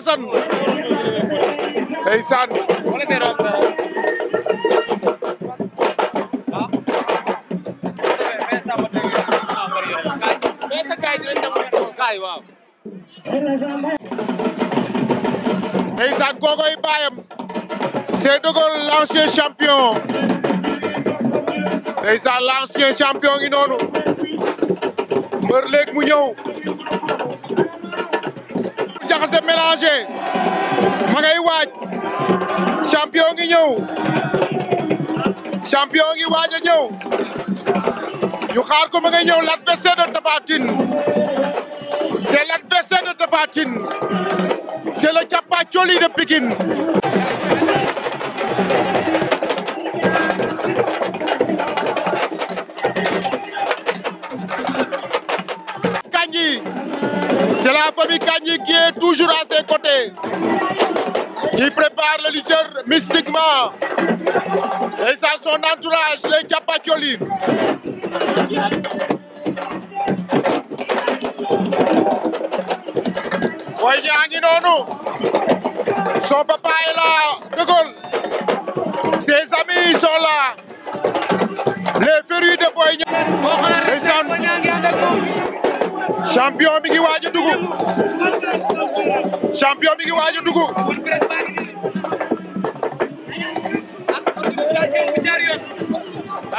Assane ndeysaan baayam c'est de Gaulle l'ancien champion ndeysaan champion ngi noonu mbër mu ñëw jaxase mélangé ma ngay waaj champion ngi ñëw champion ngi waaj a ñëw ñu xaar ko ma ñëw l'adversaire de Tapha Tine c'est de Tapha Tine c'est le capacholi de Pikine Fami Kandji toujours à ses côtés. Qui prépare le lutteur mystiquement. Et ça, son entourage, les Capacioli. Boy yaa ngi noonu. Son papa est là, De Gaulle. Ses amis sont là. Les férus de Boy Niang. champion bi ngi waaj a dugg champion bi ngi waaj a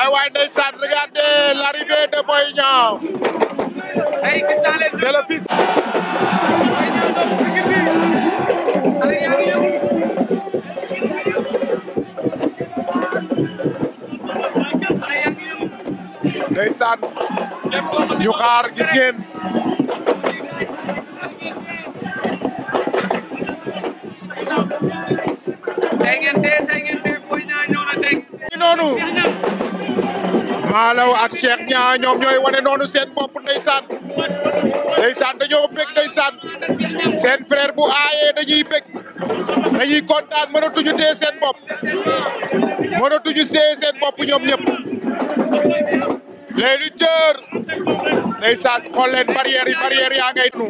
ay waay ndeysaan regardez l'arrivée de Boy Niang c'est le fils ndeysaan ñu xaar gis ngeen tey ngeen dee tey ngeen dee Boy Niang ñëw na tey. noonu Malaw ak Cheikh Niang ñoom ñooy wane noonu seen bopp ndeysaan ndeysaan dañoo bég ndeysaan seen frère bu aayee dañuy bég dañuy kontaan mënatuñu téye seen bopp seen bopp ñoom ñëpp les lutteurs ndeysaan xool leen barrière yi yaa ngay nu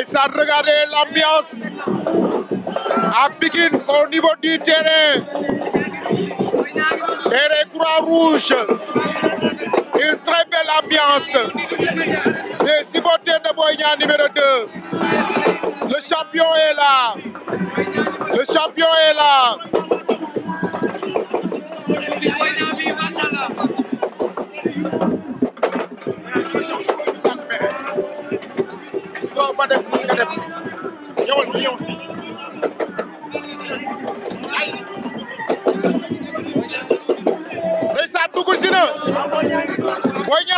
Ndeysaan regardez l'ambiance à Pikine au niveau du terrain terrain Croix-Rouge une très belle ambiance les supporters de Boy Niang numéro 2 le champion est là le champion est là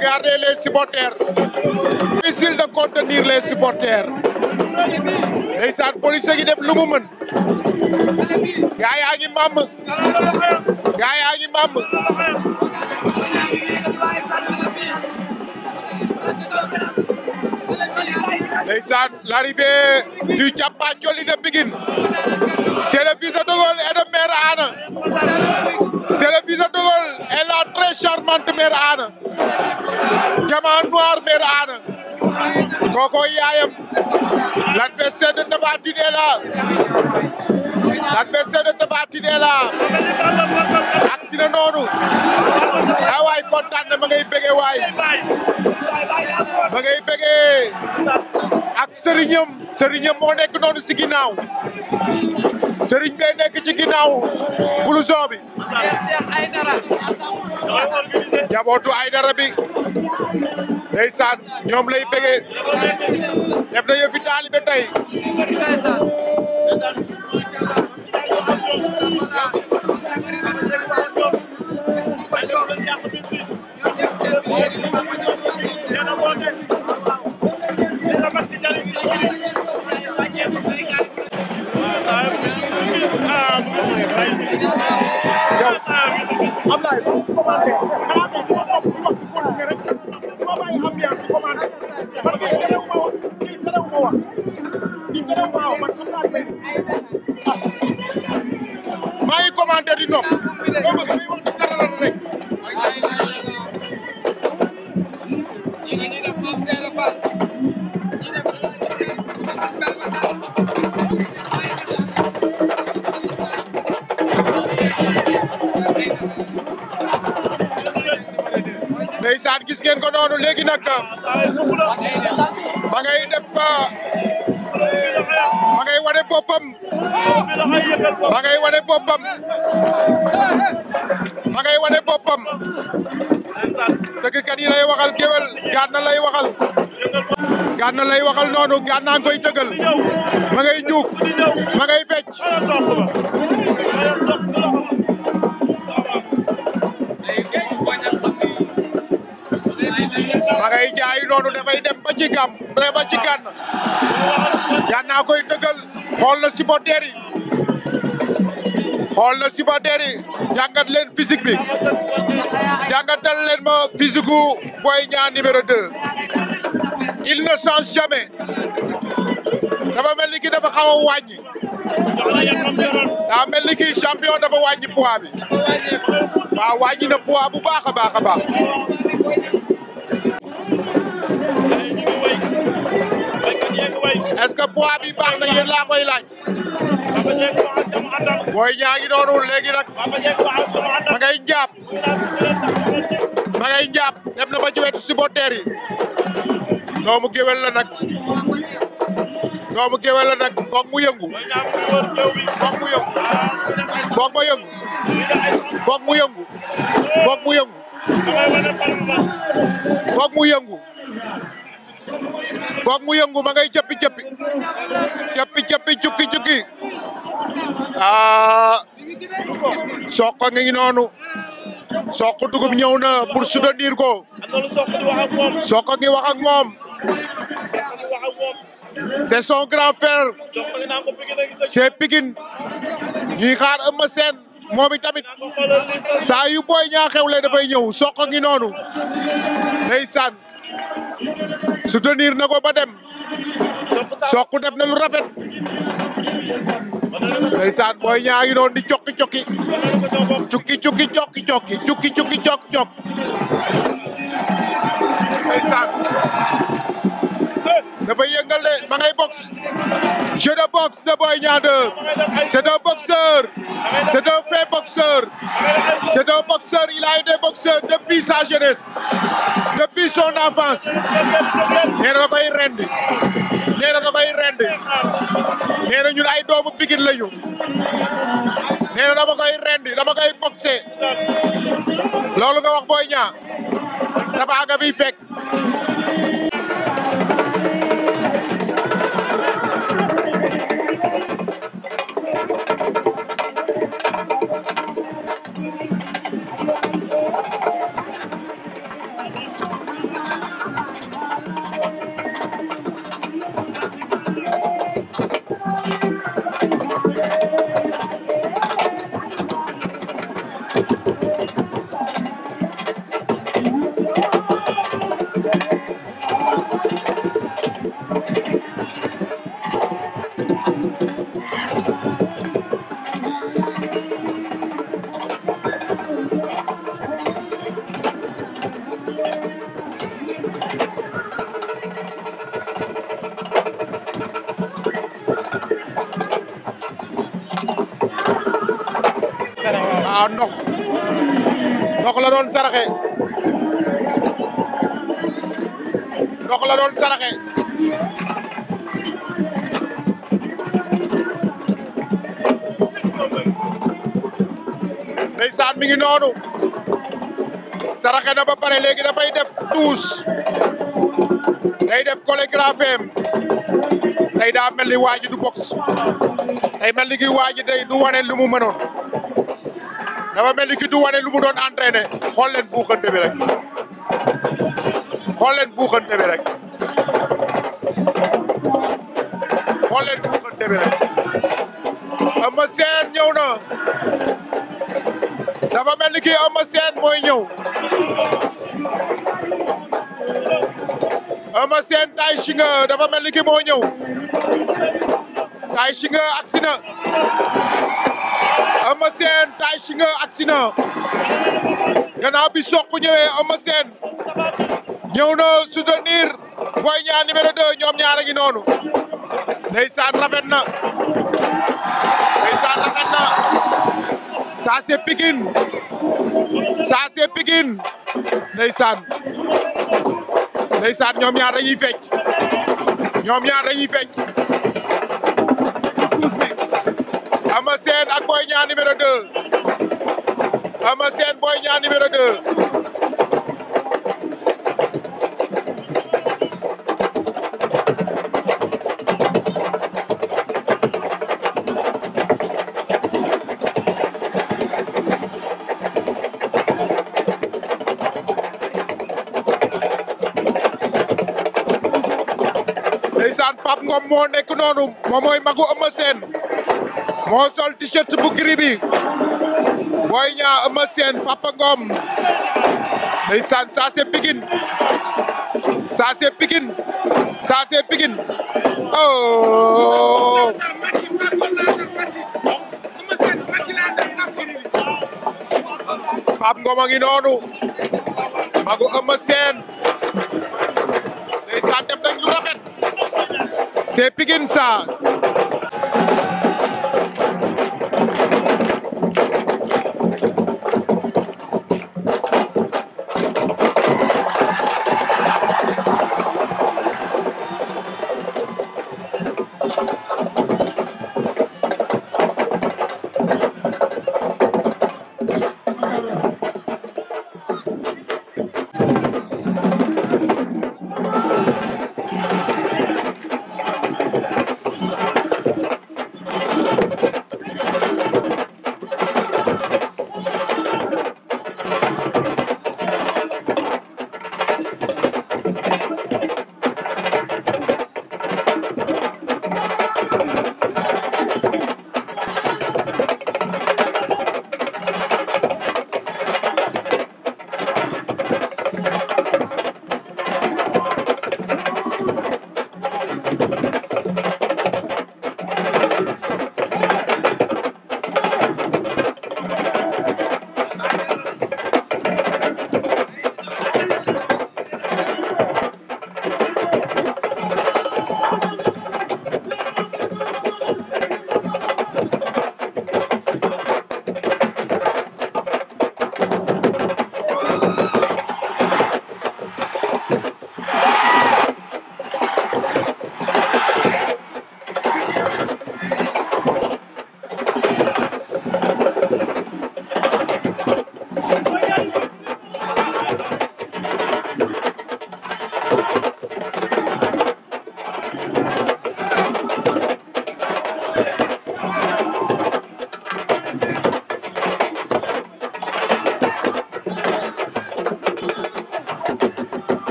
Regardez les supporters. Difficile de contenir les supporters. ndeysaan police gi def lu mu mën. gaa yaa ngi màmm. gaa yaa ngi màmm. ndeysaan l'arrivée du Thiapathioly de Pikine. c'est le fils de Dogol et de mère Anna. c'est le fils de Dogol et la très charmante mère Anna. Lion Noir mère Ana kooko yaayam l'adversaire de Tapha Tine est là l'adversaire de Tapha Tine est là si na noonu ah waay kontaan na ma ngay waay ma ngay ak sëriñam sëriñam moo nekk noonu si ginnaaw sëriñ bee nekk ci ginnaaw blouson bi jabootu Aydara bi ndeysaan ñoom lay bëggee def na yëfi taalibe tey gis ngeen ko noonu léegi nag ma ngay def ma ngay wane boppam ma ngay wane boppam ma ngay wane boppam tëggkat yi lay waxal géwél Gana lay waxal Gana lay waxal noonu Gana ngoy tëggal ma ngay ñuug ma ngay fecc ma ngay jaay noonu dafay dem ba ci gam ba ci gànn gànnaa koy tëggal xool na supporter yi xool na supporter yi jàngat bi jàngatal leen ma physique gu Boy Niang numéro 2 il ne change jamais dafa mel ni ki dafa xaw a wàññi daa mel ni ki champion dafa wàññi poids bi waaw wàññi na poids bu baax a baax a baax est-ce que poids bi baax na yéen laa koy laaj. booy ñaa ngi doonul léegi nag. ma ngay jàpp. ma na ba ci wetu supporter yi. doomu géwél la nag. doomu géwél la nag foog mu yëngu. foog mu yëngu. foog mu yëngu. foog mu yëngu. foog mu yëngu. foog mu yëngu ma ngay cappi cappi cappi cappi cukki cukki aa ah, soq ngi noonu soq dugub ñëw na pour soutenir ko soq ngi waxak moom c'est son grand frère c'est Pikine ñuy xaar Eumeu Sène moom itamit saa yu booy ñaa xewle dafay ñëw soq ngi noonu ndeysaan soutenir na ko ba dem Sokh def na lu rafet ndeysaan booy ñaa ngi doon di cokki cokki cukki cukki cokki cokki cukki cukki cokki cokki ndeysaan dafay yëngal de ma ngay boxe jeu de boxe de Boy Niang 2 c'est un boxeur c'est un fin boxeur c'est un boxeur il a été boxeur depuis sa son enfance nee na koy rendi nee ñun ay doomu Pikine lañu nee na dama koy rendi loolu nga wax Boy Niang dafa aga fi waaw ah, ndox ndox la doon saraxe ndox la doon saraxe mi ngi noonu saraxe na ba pare léegi dafay def tuus day def chorégraphie day daa mel ni waa ji du box day mel ni ki waa ji du wane lu mu mënoon dafa mel ni ki du wane lu mu doon entraîné xool leen buuxante bi rek xool leen buuxante bi rek xool leen buuxante bi rek ama seen ñëw na dafa mel ni kii Eumeu Sène mooy ñëw Eumeu Sène dafa mel ni kii moo ñëw Tay Shinger agsi na Eumeu Sène Tay Shinger agsi na gannaaw bi Sokh ñëwee Eumeu Sène ñëw na soutenir ñoom ñaar ngi noonu ndeysaan rafet na ndeysaan rafet na ça c'est Pikine ça c'est Pikine ndeysaan ndeysaan ñoom ñaar dañuy fecc ñoom ñaar dañuy fecc puus ak Boy Niang numéro 2 Ama Sène Boy Niang numéro Pape Ngom moo nekk noonu moom mooy magu Eumeu Sène sol t-shirt bu gris bi Boy Niang Eumeu Sène Papa Ngom ndeysaan ça c'est Pikine ça c'est Pikine ça c'est Pikine oh c'est Pikine ça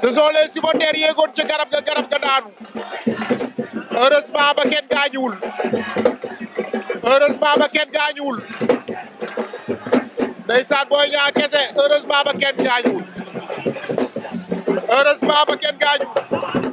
ce sont les supporters yéegoon ca garab ga garab ga daanu heureusement ba kenn gaañuwul heureusement ba kenn gaañuwul ndeysaan booy ñaa kese heureusement ba kenn gaañuwul heureusement ba kenn gaañuwul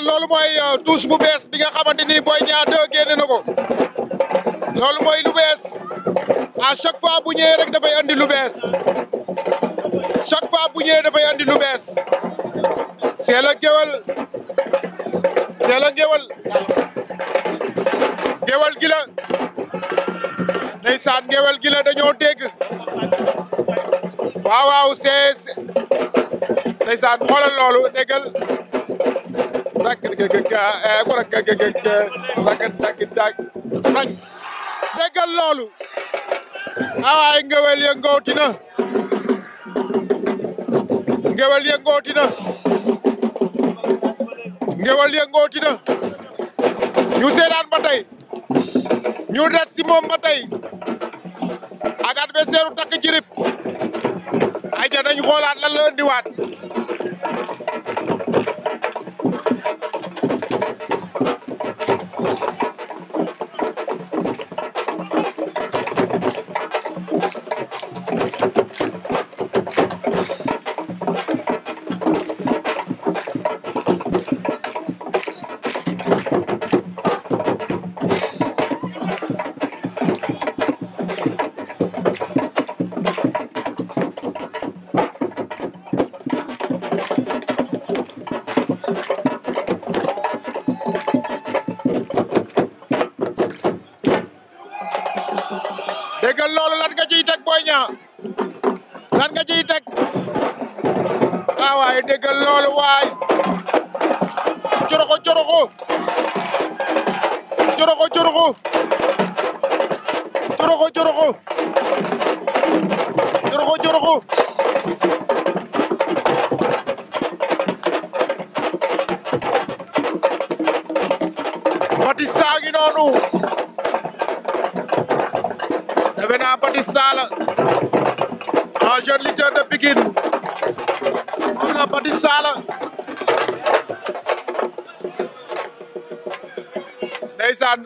ndeysaan loolu mooy tuus euh, bu bees bi nga xamante ni Boy Niang 2 na ko loolu mooy lu bees à chaque fois bu ñëwee rek dafay andi lu bees chaque fois bu ñëwee dafay andi lu bees c'est le géwal c'est le géwal géwal gi géwal gi dañoo dégg waaw waaw c'est ndeysaan xoolal loolu déggal rañ eh, déggal loolu awaay ah, ngewel ya ngooti na ngewel ya ngooti na ngewel ya ngooti na ñu seetaan ba tey ñu des si moom ba tey takk jirib ay ja xoolaat la ëndiwaat déggal loolu lan nga ciy teg Boy Niang lan nga ciy teg ah waaye déggal loolu waay coroxo coroxo coroxo coroxo coroxo coroxo coroxo Jean Baptiste Sala un jeune lutteur de Pikine moom la Baptiste Sala ndeysaan